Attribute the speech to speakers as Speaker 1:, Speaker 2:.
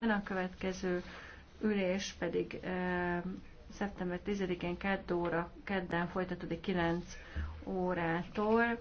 Speaker 1: A következő ülés pedig e, szeptember 10-én 2 óra, kedden folytatódik 9 órától.